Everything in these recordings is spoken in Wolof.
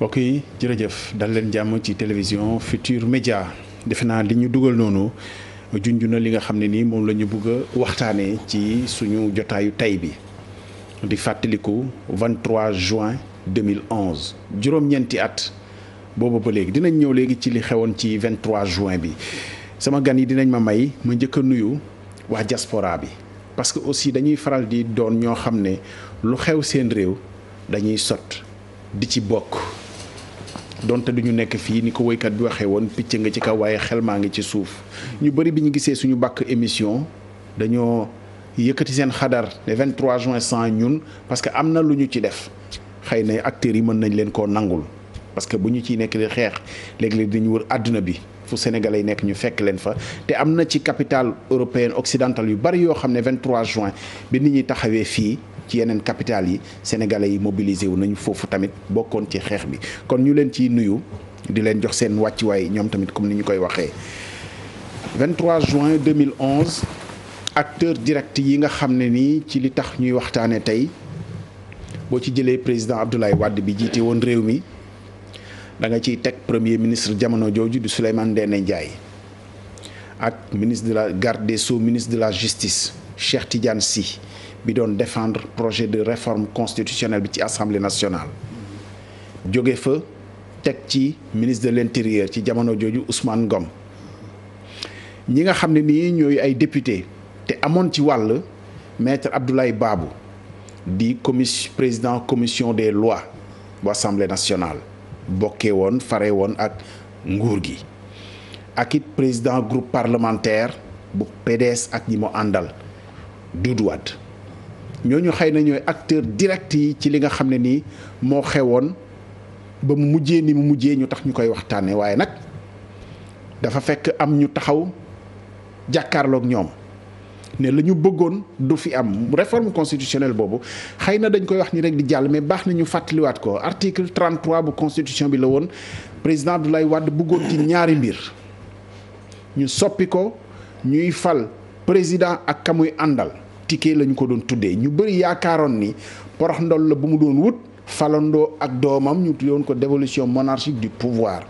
mbokk yi jërëjëf dal leen jàmm ci télévision Futur Média defe naa li ñu dugal noonu junj na li nga xam ne nii moom la ñu bëgg waxtaanee ci suñu jotaayu tay bi di fàttaliku 23 juin 2011 juróom-ñeenti at booba ba léegi dinañ ñëw léegi ci li xewoon ci 23 juin bi sama gan yi dinañ ma may ma njëkk a nuyu wax diaspora bi parce que aussi dañuy faral di doon ñoo xam ne lu xew seen réew dañuy sot di ci bokk. donte du ñu nekk fii ni ko woykat bi waxee woon picc nga ci kaw waaye xel maa ngi ci suuf ñu bëri bi ñu gisee suñu bakk émission dañoo yëkkati seen xadar le 23 juin sans ñun parce que am na lu ñu ci def xëy na acteurs yi mën nañ leen ko nangul parce que bu ñu ciy nekk di xeex léeg-léeg ñu wër àdduna bi fu sénégalais yi nekk ñu fekk leen fa te am na ci capital européenne occidentale yu bari yoo xam ne 23 juin bi nit ñi taxawee fii. ci yeneen capitale yi sénégalais yi mobilisé wu nañu foofu tamit bokkoon ci xeex bi kon ñu leen ciy nuyu di leen jox seen wàccuwaay ñoom tamit comme ni ñu koy waxee 23 juin 2011 acteur direct yi nga xam ne nii ci li tax ñuy waxtaane tey boo ci jëlee président Abdoulaye Wade bi jiite woon réew mi da nga ciy teg premier ministre jamono jooju di Souleymane Ndéné Ndiaye ak ministre de la garde des Sceaux ministre de la justice Cheikh Tidiane si bi doon défendre projet de réforme constitutionnelle bi ci assemblée nationale jóge fa teg ci ministre de l'intérieur ci jamono jooju Ousmane Ngom ñi nga xam ne nii ñooy ay député te amoon ci wàll maître Abdoulaye baabu di commission président commission des lois bu assemblée nationale bokkee woon fare woon ak nguur gi ak it président groupe parlementaire bu PDS ak ñi mu àndal Doudou ñooñu xëy na ñooy acteur direct yi ci li nga xam ne nii moo xewoon ba mu mujjee ni mu mujjee ñu tax ñu koy waxtaanee waaye nag dafa fekk am ñu taxaw jàkkaarloog ñoom ne la ñu bëggoon du fi am réforme constitutionnelle boobu xëy na dañ koy wax ni rek di jàll mais baax na ñu fàttaliwaat ko article 33 bu constitution bi la woon président Abdoulaye Wade bëggoon ci ñaari mbir ñu soppi ko ñuy fal président ak ka muy àndal. ticket la ñu ko doon tuddee ñu bëri yaakaaroon ni porox ndol la bu mu doon wut falandoo ak doomam ñu tuddoon ko dévolution monarchique du pouvoir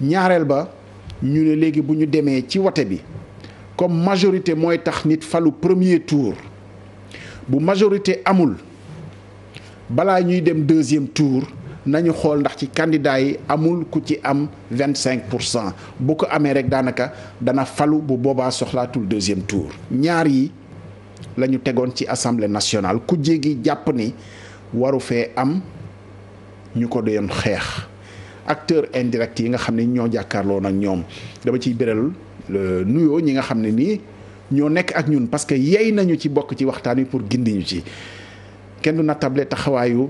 ñaareel ba ñu ne léegi bu ñu demee ci wote bi comme majorité mooy tax nit falu premier tour bu majorité amul balaa ñuy dem deuxième tour nañu xool ndax ci candidat yi amul ku ci am vingt cinq pour cent bu ko amee rek daanaka dana falu bu boobaa soxlaatul deuxième tour ñaar yi la ñu tegoon ci assemblée nationale ku jéegi jàpp ni waru fee am ñu ko doon xeex acteur indirect yi nga xam ne ñoo jàkkaarloo nag ñoom dama ciy beral nuyoo ñi nga xam ne nii ñoo nekk ak ñun parce que yey nañu ci bokk ci waxtaan wi pour gindi ñu ci kenn du na taxawaayu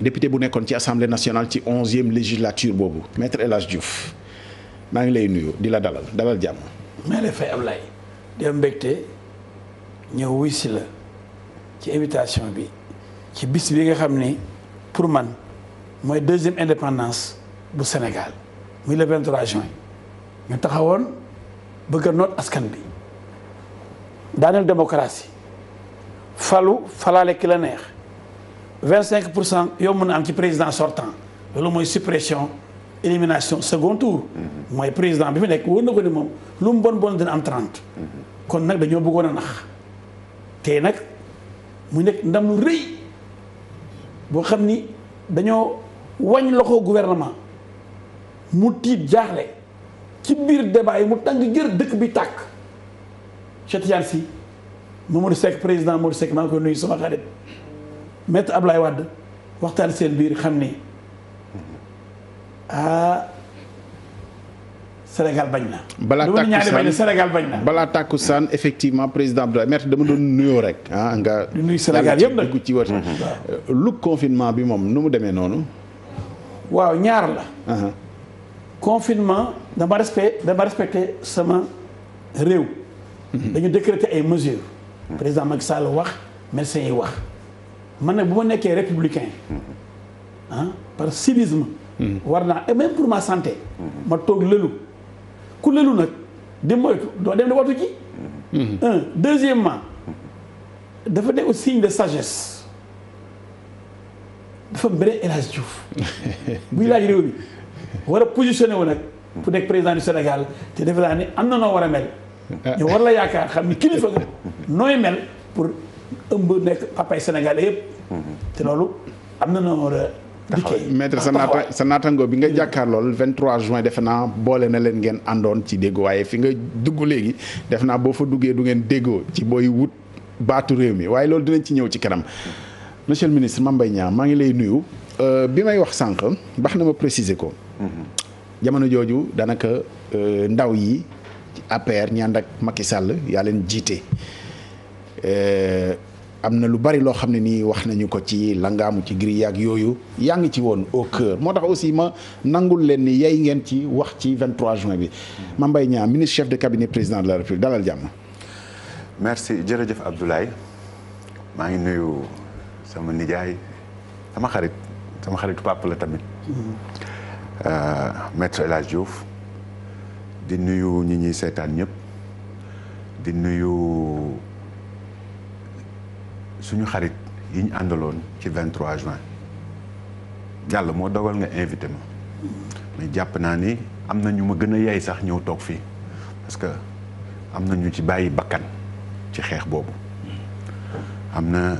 député bu nekkoon ci assemblée nationale ci onzième législature boobu maître El jouf maa ngi lay nuyu di la dalal dalal jàmm. ñëw wuy si la ci invitation bi ci bis bi nga xam ni pour man mooy deuxième indépendance bu Sénégal muy le 23 juin ñu taxawoon bëgg a noot askan bi daaneel démocratie falu falaale ki la neex 25 pour cent yomb na am ci président sortant loolu mooy suppression élimination second tour. Mm-hmm. mooy président bi mu nekk wóor na ko ni moom lu mu bon bon dina am 30. Mm-hmm. kon nag dañoo buggoon a nax. te nag mu nekk ndam lu rëy boo xam ni dañoo wañ loxo gouvernement mu tiit jaaxle ci biir débat yi mu tàng jër dëkk bi tàkk Cheikh Tidiane Sy Mamadou Seck président Mamadou Seck maa ngi koy nuyu sama xarit maître Ablaye Wade waxtaan seen biir xam ni ah Sénégal bañ na. balaa tàkkusaan Sénégal bañ na. balaa tàkkusaan effectivement président Abdoulaye maître dama doon nuyoo rek. ah nga di nuyu Sénégal yëpp nag ci wër. Euh, lu confinement bi moom nu mu demee noonu. waaw ñaar la. Uh-huh. confinement dama respect sama réew. Mm-hmm. dañu décréter ay mesures. Mm-hmm. président Macky Sall wax médecins yi wax. man nag bu ma nekkee républicain. Mm-hmm. ah par civisme. war naa et pour ma santé. ma toog lëlu. ku lelu nag di moytu doo dem di watu ci mm-hmm. un deuxièmement dafa nekk signe de sagesse dafa am beneen El Hadj Diouf laaj réew mi war a positionné wu nag pour nekk président du Sénégal te defe naa ne am na noo war a mel ah. ñu war la yaakaar xam ni kilifa nga nooy mel pour ëmb nekk papay Sénégal yëpp mm-hmm. te loolu am na noo war maître sa naata sa naatango bi nga jàkkaar lool 23 juin defe naa boole na leen ngeen àndoon ci déggoo waaye fi nga dugg léegi def naa boo fa duggee du ngeen déggoo ci booy wut baatu réew mi waaye loolu dinañ ci ñëw ci kanam monsieur le ministre mambay Mbaye maa ngi lay nuyu euh, bi may wax sànq baax na ma préciser ko mm-hmm. jamono jooju danaka euh, ndaw yi APR ñi ànd ak Macky Sall yaa leen jiite euh, am na lu bari loo xam ne nii wax nañu ko ci langaamu ci gri yooyu yaa ngi ci woon au cœur moo tax aussi ma nangul leen ni yey ngeen ci wax ci 23 juin bi ma mbay Niang ministre chef de cabinet président de la République dalal jàmm merci jërëjëf Abdoulaye maa ngi nuyu sama nijaay sama xarit sama xaritu papa tamit euh, maître El Hadj di nuyu ñi ñuy seetaan ñëpp di nuyu suñu xarit yi ñu àndaloon ci 23 juin jàll moo dogal nga invité mais jàpp naa ni am na ñu ma gën a yey sax ñëw toog fii parce que am na ñu ci bàyyi bakkan ci xeex boobu am na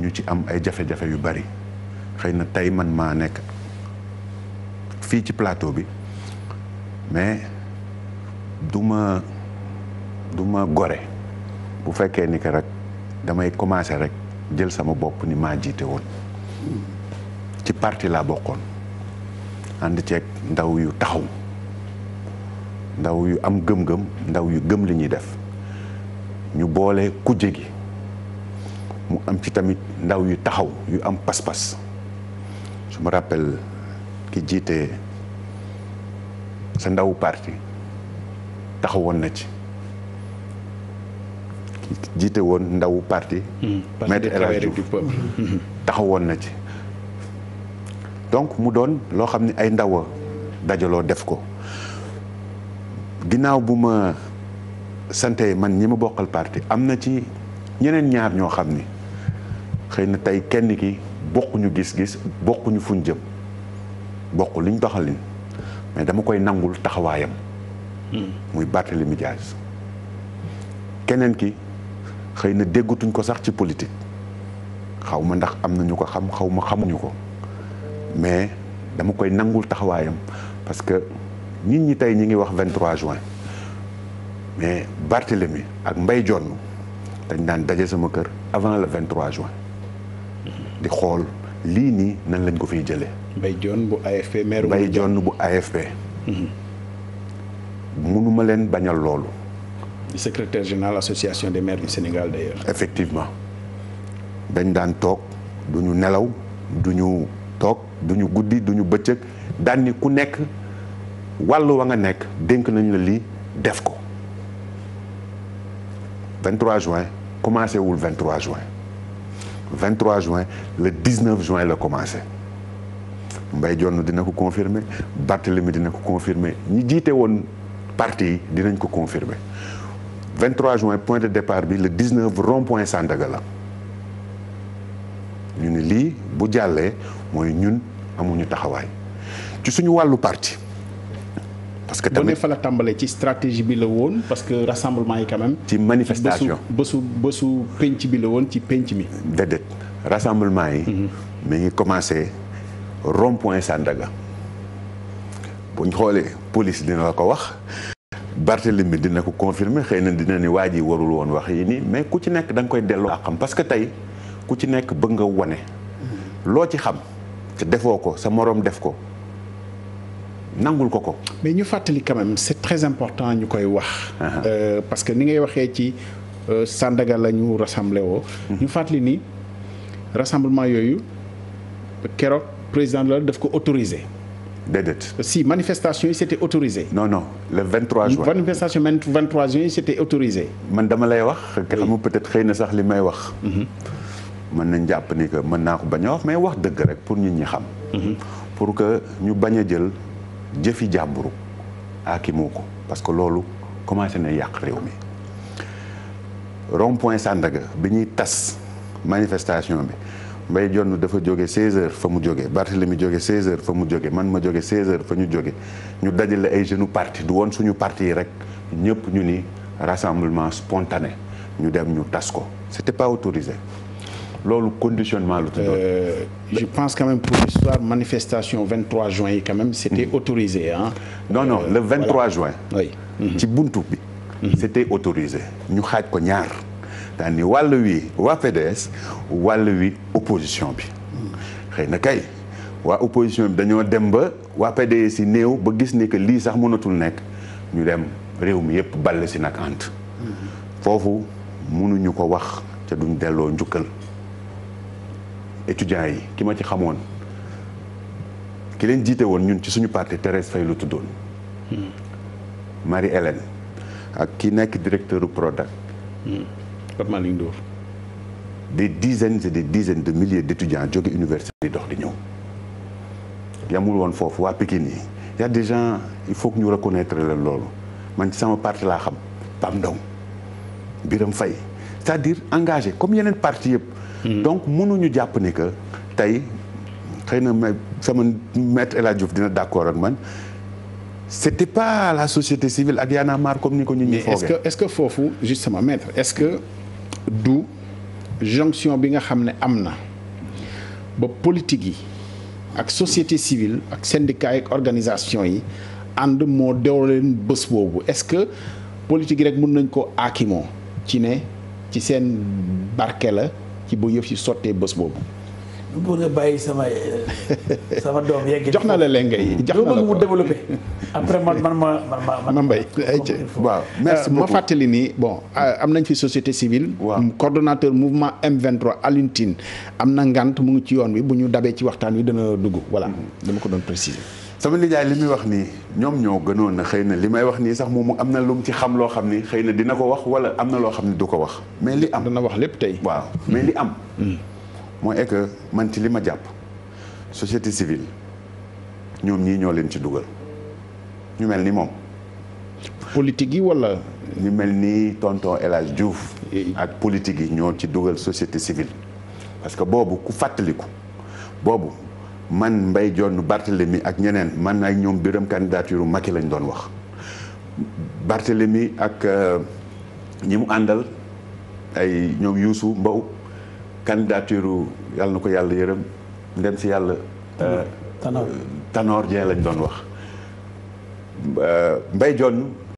ñu ci am ay jafe-jafe yu bari xëy na tey man maa nekk fii ci plateau bi mais du ma du ma gore bu fekkee ni que rek damay commencer rek jël sama bopp ni maa jiite woon ci parti la bokkoon ànd ceeg ndaw yu taxaw ndaw yu am gëm-gëm ndaw yu gëm li ñuy def ñu boole kujje gi mu am ci tamit ndaw yu taxaw yu am pas-pas su ma rappel ki jiite sa ndawu parti taxawoon na ci jiite woon ndaw hmm. parti maître El hmm. taxawoon na ci donc mu doon loo xam ni ay ndaw dajaloo def ko ginnaaw bu ma sante man ñi ma bokkal parti am na ci ñeneen ñaar ñoo xam ni xëy na tey kenn ki bokkuñu gis-gis bokkuñu fuñ jëm bokk luñ doxalin mais dama koy nangul taxawaayam hmm. muy Barthélémy Dias keneen ki xëy na déggatuñ ko sax ci politique xaw ma ndax am na ñu ko xam xaw ma xamuñu ko mais dama koy nangul taxawaayam parce que nit ñi tey ñi ngi wax 23 juin mais Barthélemy ak Mbaye Jonn dañ daan daje sama kër avant le 23 juin di xool lii nii nan lañ ko fiy jëlee. mbay Jonn bu AFP maire Mbaye Jonn bu AFP. Mhm. mënuma leen bañal loolu. di secrétaire général association de maires du Sénégal d'ailleurs effectivement dañ daan toog du ñu nelaw du ñu toog du ñu guddi du ñu bëccëg daan ni ku nekk wàll wa nga nekk dénk nañ la lii def ko 23 juin commencé wul 23 juin 23 juin le 19 juin la commencé Mbaye Dione dina ko confirmer Barthélemy dina ko confirmer ñi jiite woon parti yi dinañ ko confirmer 23 juin point de départ bi le 19 rond point Sandaga la ñu ni lii bu jàllee mooy ñun amuñu taxawaay ci suñu wàllu parti. parce que tamit fa la tàmbalee ci stratégie bi la woon parce que rassemblement yi quand ci manifestation bésu bésu penc bi la woon ci penc mi. déedéet rassemblement yi. Mhm. mi ngi commencé rond point Sandaga xoolee police dina la ko wax. Barthélemy dina ko confirmer xëy na dina ni waa ji warul woon wax yi nii mais ku ci nekk danga nga koy delloo a parce que tey ku ci nekk bëgg nga wone loo ci xam te defoo ko sa moroom def ko nangul ko ko. mais ñu fàttali quand même c'est très important ñu koy wax. Uh-huh. Euh, parce que ni ngay waxee ci euh, Sandaga la ñu rassemblé woo. Uh-huh. ñu fàttali nii rassemblement yooyu keroog président de la daf ko autorisé. déedéet si manifestation yi c'était autorisé. non non le 23 juin manifestation 23 juin yi c'était autorisé. man dama lay wax. nga xam peut-être xëy na sax li may wax. Mhm. mën nañ jàpp ni que mën naa ko bañ a wax mais wax dëgg rek pour nit ñi xam. Mhm. pour que ñu bañ a jël jëfi jàmburu aakimoo ko parce que loolu commencé na yàq réew mi. rond point Sandaga bi ñuy tas manifestation bi. Mbaye Jonn dafa jóge 16h fa mu jóge Barthélemy jóge 16h fa mu jóge man ma jóge 16h fa ñu jóge ñu dajale ay jeunes parti du woon suñu parti yi rek ñëpp ñu ni rassemblement spontané ñu dem ñu tas ko c'était pas autorisé loolu conditionnement lu tuddoon. Euh, je pense quand même pour l'histoire manifestation juin yi quand même c'était mmh. autorisé le 23 euh, voilà. juin. oui hmm. ci buntu bi. Hmm. c'était autorisé ñu xaaj ko ñaar. daal wàll wi waa wàll wi opposition bi xëy na kay waa opposition bi dañoo dem ba waa yi néew ba gis ni que lii sax mënatul nekk ñu dem réew mi yëpp ball si nag ant foofu mënuñu ko wax te duñ delloo njukkal étudiants yi ki ma ci xamoon ki leen jiite woon ñun ci suñu parti Thérèse Faye lu tuddoon hmm. Marie Hélène ak ki nekk directeur u Pape Malick Ndour des dizaines et des dizaines de milliers d'étudiants jóge université di dox di ñëw yamul woon foofu waa Pikine yi y a des gens il faut que ñu reconnaître leen loolu man sama parti laa xam Pam Ndong Biram fay c'est-à-dire engagé comme yeneen parti yëpp hmm. donc mënuñu jàpp ni que tey xëy na ma sama maître El Hadj Diouf dina d'accord ak man c'était pas la société civile ak Y'en a marre comme ni ko ñu ñu foogee est-ce que est-ce que foofu justement maître est-ce que du jonction bi nga xam ne am na ba politique yi ak société civile ak syndicat yi organisation yi ànd moo dew leen bés boobu est-ce que politique yi rek mun nañ koo aakimoo ci ne ci seen barke la ci bu yëf yi sottee bës boobu bëgg a bàyyi sama eh, sama doom yegg. jox na la lenga yi hmm. jox na la ko mu développé. après man man ma man ma mbay. waaw merci euh, beaucoup ma fàttali ni bon euh, am nañ fi société civile. waaw mm, coordonnateur mouvement M23 Alioune Tine am na ngant mu ngi ci yoon wi bu ñu dabee ci waxtaan wi dana dugg voilà hmm. dama ko doon préciser. sama nijaay li muy wax nii ñoom ñoo gënoon na xëy na li may wax nii sax moom am na lu mu ci xam loo xam ni xëy na dina ko wax wala am na loo xam ni du ko wax. mais li am dana wax lépp tey. waaw mais li am. Hmm. mooy est que man ci li ma jàpp société civile ñoom ñii ñoo leen ci dugal ñu mel ni moom. politique yi wala. ñu mel ni tonton El Hadj Diouf. ak politique yi ñoo ci dugal société civile. parce que boobu ku fàttaliku boobu man Mbaye Dione Barthélemy ak ñeneen man ak ñoom biram candidature Macky lañ doon wax Barthélemy ak euh, ñi mu àndal ay ñoom Youssou Mbow candidature yàlla na ko yàlla yërëm ndem si yàlla. Tanor euh, Tanor lañ doon wax euh, Mbaye Dione